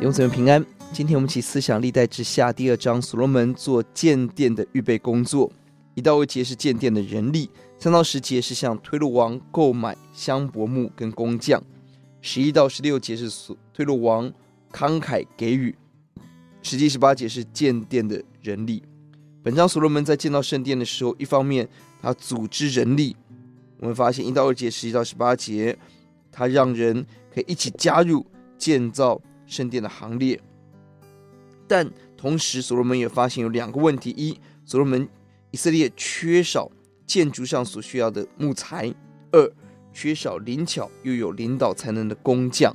永子存平安。今天我們起思想歷代之下第二章，所羅門做建殿的預備工作。一到二節是建殿的人力，三到十節是向推羅王購買香柏木跟工匠，十一到十六節是所推羅王慷慨給予，十七十八節是建殿的人力。本章所羅門在建造聖殿的時候，一方面他組織人力，我們發現一到二節、十一到十八節，他讓人可以一起加入建造。聖殿的行列，但同時所羅門也發現有兩個問題：一，所羅門以色列缺少建築上所需要的木材；二，缺少靈巧又有領導才能的工匠。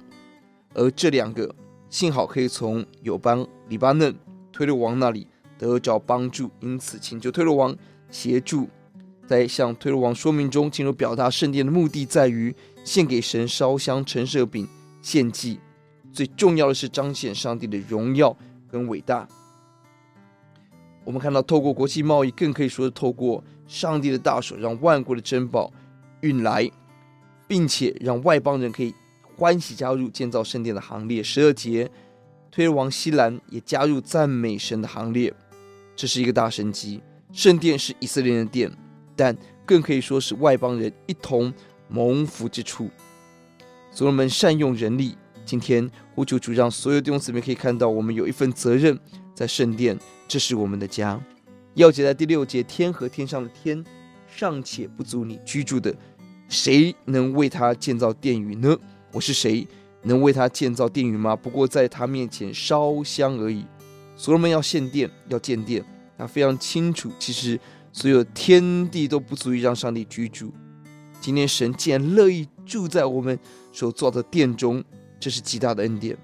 而這兩個幸好可以從友邦黎巴嫩推羅王那裡得著幫助，因此請求推羅王協助。在向推羅王說明中，清楚表達聖殿的目的在於獻給神燒香、陳設餅、獻祭。最重要的是彰顯上帝的榮耀跟偉大。我們看到，透過國際貿易，更可以說是透過上帝的大手，讓萬國的珍寶運來，並且讓外邦人可以歡喜加入建造聖殿的行列。十二節，推羅王希蘭也加入讚美神的行列，這是一個大神蹟。聖殿是以色列人的殿，但更可以說是外邦人一同蒙福之處。所羅門善用人力。今天，我主主讓所有弟兄姊妹可以看到，我們有一份責任在聖殿，這是我們的家。鑰節在第六節，天和天上的天，尚且不足你居住的，誰能為他建造殿宇呢？我是誰？能為他建造殿宇嗎？不過在他面前燒香而已。所羅門要建殿，要建殿，他非常清楚，其實所有天地都不足以讓上帝居住。今天神竟然樂意住在我們所造的殿中。這是極大的恩典，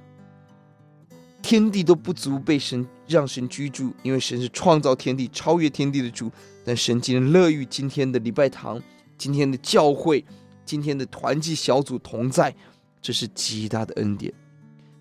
天地都不足被神讓神居住，因為神是創造天地、超越天地的主。但神竟然樂於今天的禮拜堂、今天的教會、今天的團契小組同在，這是極大的恩典。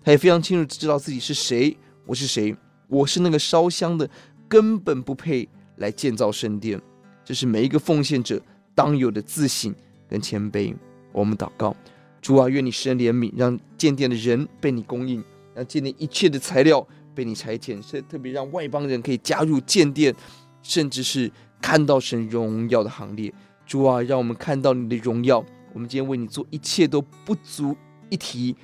他也非常清楚知道自己是誰，我是誰，我是那個燒香的，根本不配來建造聖殿。這是每一個奉獻者當有的自省跟謙卑。我們禱告。主啊，願你施恩憐憫，讓建殿的人被你供應，讓建殿一切的材料被你裁剪，特別讓外邦人可以加入建殿，甚至是看到神榮耀的行列。主啊，讓我們看到你的榮耀。我們今天為你做一切都不足一提，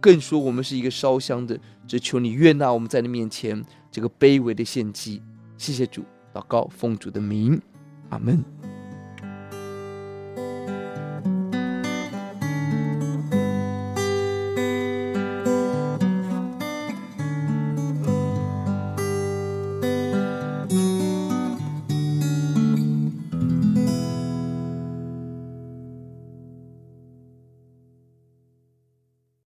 更說我們是一個燒香的，只求你悅納我們在你面前這個卑微的獻祭。謝謝主，禱告奉主的名，阿門。